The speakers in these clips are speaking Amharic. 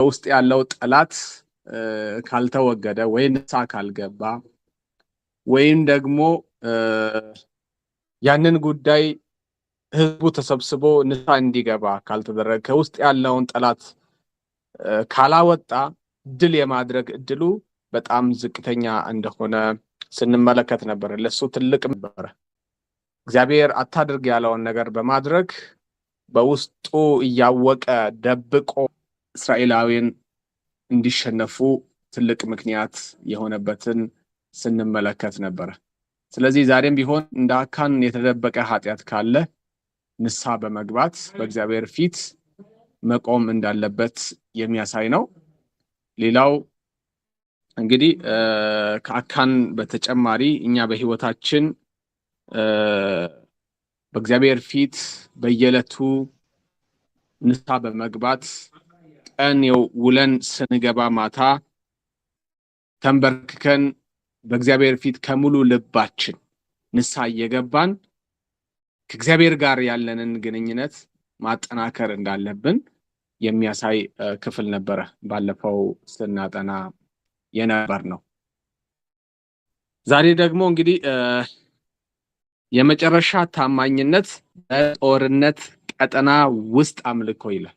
በውስጥ ያለው ጠላት ካልተወገደ ወይ ንሳ ካልገባ ወይም ደግሞ ያንን ጉዳይ ህዝቡ ተሰብስቦ ንሳ እንዲገባ ካልተደረገ ከውስጥ ያለውን ጠላት ካላወጣ ድል የማድረግ እድሉ በጣም ዝቅተኛ እንደሆነ ስንመለከት ነበር። ለሱ ትልቅ ነበረ። እግዚአብሔር አታድርግ ያለውን ነገር በማድረግ በውስጡ እያወቀ ደብቆ እስራኤላውያን እንዲሸነፉ ትልቅ ምክንያት የሆነበትን ስንመለከት ነበረ። ስለዚህ ዛሬም ቢሆን እንደ አካን የተደበቀ ኃጢአት ካለ ንስሐ በመግባት በእግዚአብሔር ፊት መቆም እንዳለበት የሚያሳይ ነው። ሌላው እንግዲህ ከአካን በተጨማሪ እኛ በህይወታችን በእግዚአብሔር ፊት በየዕለቱ ንስሐ በመግባት ቀን ውለን ስንገባ ማታ ተንበርክከን በእግዚአብሔር ፊት ከሙሉ ልባችን ንስሐ እየገባን ከእግዚአብሔር ጋር ያለንን ግንኙነት ማጠናከር እንዳለብን የሚያሳይ ክፍል ነበረ። ባለፈው ስናጠና የነበር ነው። ዛሬ ደግሞ እንግዲህ የመጨረሻ ታማኝነት በጦርነት ቀጠና ውስጥ አምልኮ ይላል።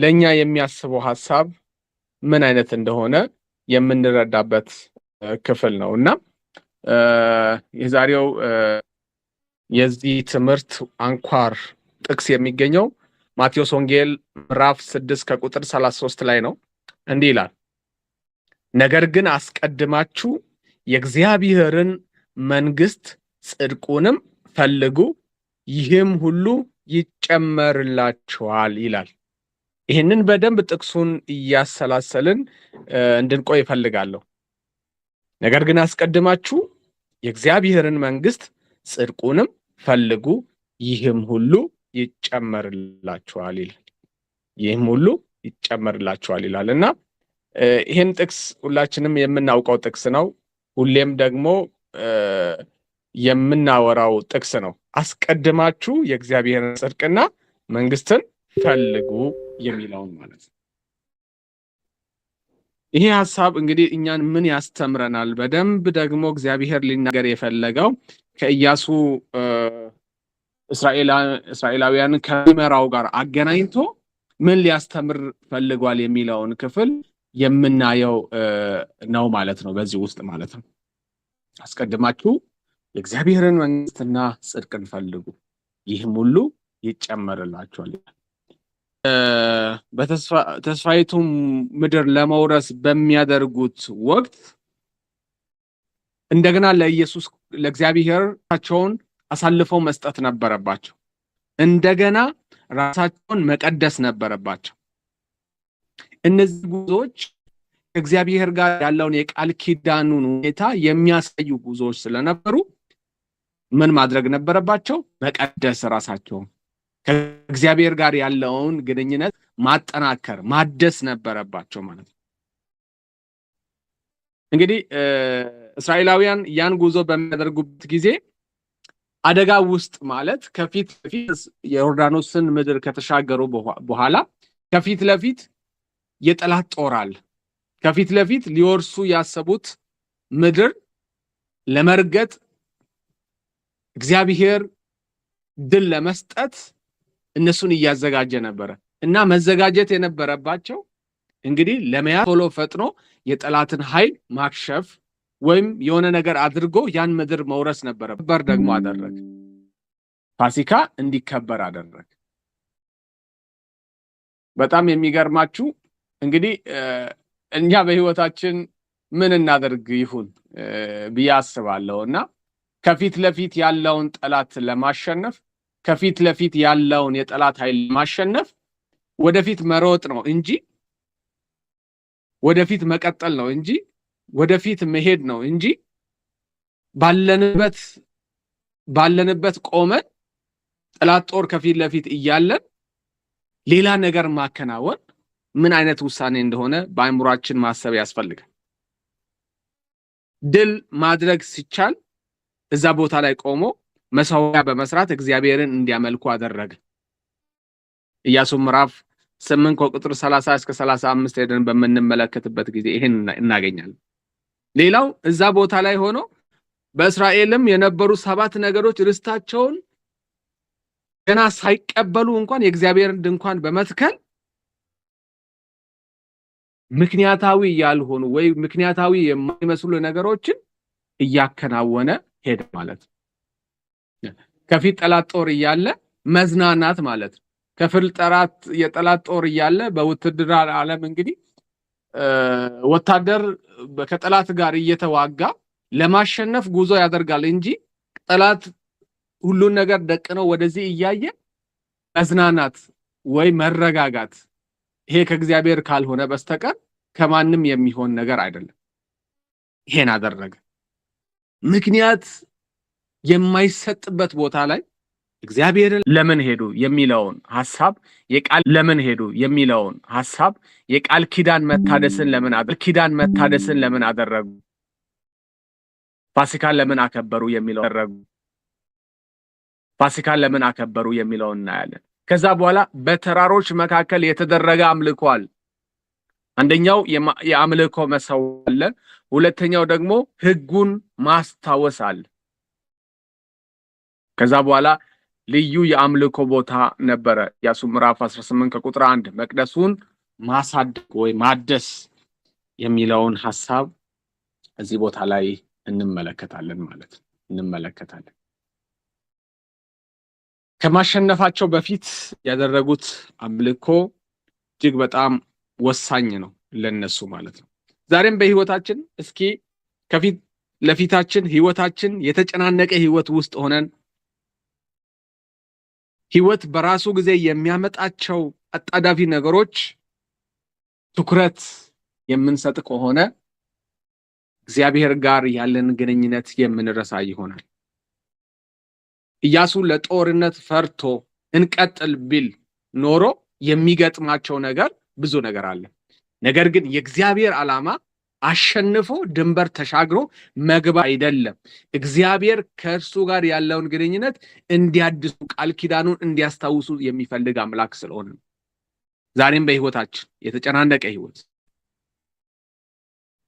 ለእኛ የሚያስበው ሀሳብ ምን አይነት እንደሆነ የምንረዳበት ክፍል ነው እና የዛሬው የዚህ ትምህርት አንኳር ጥቅስ የሚገኘው ማቴዎስ ወንጌል ምዕራፍ ስድስት ከቁጥር ሰላሳ ሶስት ላይ ነው። እንዲህ ይላል፣ ነገር ግን አስቀድማችሁ የእግዚአብሔርን መንግስት ጽድቁንም ፈልጉ፣ ይህም ሁሉ ይጨመርላችኋል ይላል። ይህንን በደንብ ጥቅሱን እያሰላሰልን እንድንቆይ ይፈልጋለሁ። ነገር ግን አስቀድማችሁ የእግዚአብሔርን መንግስት ጽድቁንም ፈልጉ፣ ይህም ሁሉ ይጨመርላችኋል ይላል። ይህም ሁሉ ይጨመርላችኋል ይላል እና ይህን ጥቅስ ሁላችንም የምናውቀው ጥቅስ ነው። ሁሌም ደግሞ የምናወራው ጥቅስ ነው። አስቀድማችሁ የእግዚአብሔርን ጽድቅና መንግስትን ፈልጉ የሚለውን ማለት ነው። ይሄ ሀሳብ እንግዲህ እኛን ምን ያስተምረናል? በደንብ ደግሞ እግዚአብሔር ሊናገር የፈለገው ከኢያሱ እስራኤላውያን ከሚመራው ጋር አገናኝቶ ምን ሊያስተምር ፈልጓል የሚለውን ክፍል የምናየው ነው ማለት ነው። በዚህ ውስጥ ማለት ነው አስቀድማችሁ የእግዚአብሔርን መንግስትና ጽድቅን ፈልጉ ይህም ሁሉ ይጨመርላችኋል። በተስፋይቱም ምድር ለመውረስ በሚያደርጉት ወቅት እንደገና ለኢየሱስ ለእግዚአብሔር ራሳቸውን አሳልፈው መስጠት ነበረባቸው። እንደገና ራሳቸውን መቀደስ ነበረባቸው። እነዚህ ጉዞዎች ከእግዚአብሔር ጋር ያለውን የቃል ኪዳኑን ሁኔታ የሚያሳዩ ጉዞዎች ስለነበሩ ምን ማድረግ ነበረባቸው? መቀደስ ራሳቸውን ከእግዚአብሔር ጋር ያለውን ግንኙነት ማጠናከር ማደስ ነበረባቸው ማለት ነው። እንግዲህ እስራኤላውያን ያን ጉዞ በሚያደርጉበት ጊዜ አደጋ ውስጥ ማለት ከፊት ለፊት የዮርዳኖስን ምድር ከተሻገሩ በኋላ ከፊት ለፊት የጠላት ጦር አለ። ከፊት ለፊት ሊወርሱ ያሰቡት ምድር ለመርገጥ እግዚአብሔር ድል ለመስጠት እነሱን እያዘጋጀ ነበረ እና መዘጋጀት የነበረባቸው እንግዲህ ለመያዝ ቶሎ ፈጥኖ የጠላትን ኃይል ማክሸፍ ወይም የሆነ ነገር አድርጎ ያን ምድር መውረስ ነበረ። በር ደግሞ አደረግ ፋሲካ እንዲከበር አደረግ። በጣም የሚገርማችሁ እንግዲህ እኛ በህይወታችን ምን እናደርግ ይሁን ብዬ አስባለሁ እና ከፊት ለፊት ያለውን ጠላት ለማሸነፍ ከፊት ለፊት ያለውን የጠላት ኃይል ማሸነፍ ወደፊት መሮጥ ነው እንጂ ወደፊት መቀጠል ነው እንጂ ወደፊት መሄድ ነው እንጂ ባለንበት ባለንበት ቆመን ጠላት ጦር ከፊት ለፊት እያለን ሌላ ነገር ማከናወን ምን አይነት ውሳኔ እንደሆነ በአእምሯችን ማሰብ ያስፈልጋል። ድል ማድረግ ሲቻል እዛ ቦታ ላይ ቆሞ መሰዊያ በመስራት እግዚአብሔርን እንዲያመልኩ አደረገ። ኢያሱ ምዕራፍ ስምንት ከቁጥር ሰላሳ እስከ ሰላሳ አምስት ሄደን በምንመለከትበት ጊዜ ይሄን እናገኛለን። ሌላው እዛ ቦታ ላይ ሆኖ በእስራኤልም የነበሩ ሰባት ነገዶች ርስታቸውን ገና ሳይቀበሉ እንኳን የእግዚአብሔርን ድንኳን በመትከል ምክንያታዊ ያልሆኑ ወይ ምክንያታዊ የማይመስሉ ነገሮችን እያከናወነ ሄደ ማለት ነው። ከፊት ጠላት ጦር እያለ መዝናናት ማለት ነው። ከፊል ጠራት የጠላት ጦር እያለ በውትድራ ዓለም እንግዲህ ወታደር ከጠላት ጋር እየተዋጋ ለማሸነፍ ጉዞ ያደርጋል እንጂ ጠላት ሁሉን ነገር ደቅነው ወደዚህ እያየ መዝናናት ወይ መረጋጋት ይሄ ከእግዚአብሔር ካልሆነ በስተቀር ከማንም የሚሆን ነገር አይደለም። ይሄን አደረገ ምክንያት የማይሰጥበት ቦታ ላይ እግዚአብሔርን ለምን ሄዱ የሚለውን ሀሳብ የቃል ለምን ሄዱ የሚለውን ሀሳብ የቃል ኪዳን መታደስን ለምን ኪዳን መታደስን ለምን አደረጉ ፋሲካን ለምን አከበሩ የሚለው አደረጉ ፋሲካን ለምን አከበሩ የሚለውን እናያለን። ከዛ በኋላ በተራሮች መካከል የተደረገ አምልኮ አለ። አንደኛው የአምልኮ መሰው አለ። ሁለተኛው ደግሞ ህጉን ማስታወስ አለ። ከዛ በኋላ ልዩ የአምልኮ ቦታ ነበረ። ኢያሱ ምዕራፍ 18 ከቁጥር አንድ መቅደሱን ማሳደግ ወይ ማደስ የሚለውን ሀሳብ እዚህ ቦታ ላይ እንመለከታለን ማለት እንመለከታለን። ከማሸነፋቸው በፊት ያደረጉት አምልኮ እጅግ በጣም ወሳኝ ነው ለነሱ ማለት ነው። ዛሬም በህይወታችን እስኪ ከፊት ለፊታችን ህይወታችን የተጨናነቀ ህይወት ውስጥ ሆነን ህይወት በራሱ ጊዜ የሚያመጣቸው አጣዳፊ ነገሮች ትኩረት የምንሰጥ ከሆነ እግዚአብሔር ጋር ያለን ግንኙነት የምንረሳ ይሆናል። ኢያሱ ለጦርነት ፈርቶ እንቀጥል ቢል ኖሮ የሚገጥማቸው ነገር ብዙ ነገር አለ። ነገር ግን የእግዚአብሔር ዓላማ አሸንፎ ድንበር ተሻግሮ መግባ አይደለም። እግዚአብሔር ከእርሱ ጋር ያለውን ግንኙነት እንዲያድሱ ቃል ኪዳኑን እንዲያስታውሱ የሚፈልግ አምላክ ስለሆነ ዛሬም በህይወታችን የተጨናነቀ ህይወት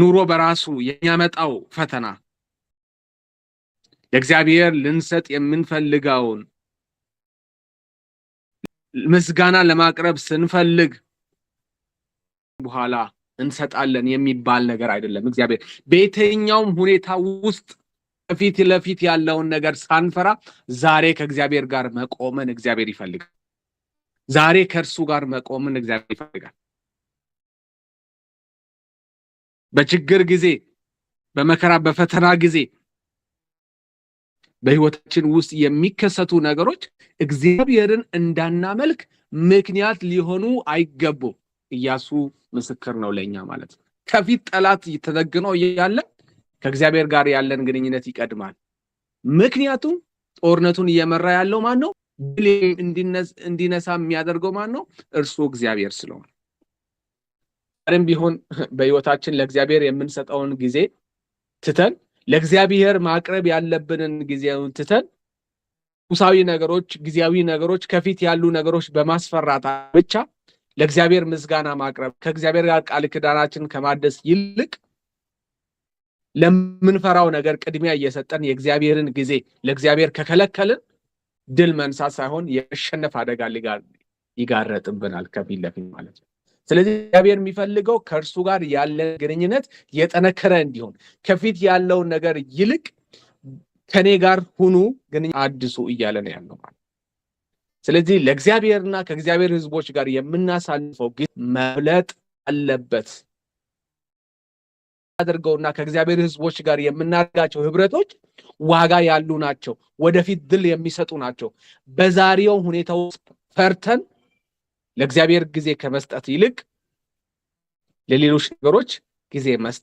ኑሮ በራሱ የሚያመጣው ፈተና ለእግዚአብሔር ልንሰጥ የምንፈልገውን ምስጋና ለማቅረብ ስንፈልግ በኋላ እንሰጣለን የሚባል ነገር አይደለም። እግዚአብሔር በየትኛውም ሁኔታ ውስጥ ከፊት ለፊት ያለውን ነገር ሳንፈራ ዛሬ ከእግዚአብሔር ጋር መቆምን እግዚአብሔር ይፈልጋል። ዛሬ ከእርሱ ጋር መቆምን እግዚአብሔር ይፈልጋል። በችግር ጊዜ፣ በመከራ በፈተና ጊዜ በህይወታችን ውስጥ የሚከሰቱ ነገሮች እግዚአብሔርን እንዳናመልክ ምክንያት ሊሆኑ አይገቡም። እያሱ ምስክር ነው ለእኛ ማለት ነው። ከፊት ጠላት ተጠግኖ እያለን ከእግዚአብሔር ጋር ያለን ግንኙነት ይቀድማል። ምክንያቱም ጦርነቱን እየመራ ያለው ማን ነው? ድል እንዲነሳ የሚያደርገው ማን ነው? እርሱ እግዚአብሔር ስለሆነ ዛሬም ቢሆን በሕይወታችን ለእግዚአብሔር የምንሰጠውን ጊዜ ትተን ለእግዚአብሔር ማቅረብ ያለብንን ጊዜውን ትተን ቁሳዊ ነገሮች፣ ጊዜያዊ ነገሮች፣ ከፊት ያሉ ነገሮች በማስፈራት ብቻ ለእግዚአብሔር ምስጋና ማቅረብ ከእግዚአብሔር ጋር ቃል ክዳናችን ከማደስ ይልቅ ለምንፈራው ነገር ቅድሚያ እየሰጠን የእግዚአብሔርን ጊዜ ለእግዚአብሔር ከከለከልን ድል መንሳት ሳይሆን የመሸነፍ አደጋ ይጋረጥብናል ከፊት ለፊት ማለት ነው። ስለዚህ እግዚአብሔር የሚፈልገው ከእርሱ ጋር ያለን ግንኙነት የጠነከረ እንዲሆን ከፊት ያለውን ነገር ይልቅ ከኔ ጋር ሁኑ ግን አድሱ እያለ ነው ያለው ማለት ስለዚህ ለእግዚአብሔርና ከእግዚአብሔር ህዝቦች ጋር የምናሳልፈው ጊዜ መብለጥ አለበት አድርገውና ከእግዚአብሔር ህዝቦች ጋር የምናደርጋቸው ህብረቶች ዋጋ ያሉ ናቸው፣ ወደፊት ድል የሚሰጡ ናቸው። በዛሬው ሁኔታ ውስጥ ፈርተን ለእግዚአብሔር ጊዜ ከመስጠት ይልቅ ለሌሎች ነገሮች ጊዜ መስጠት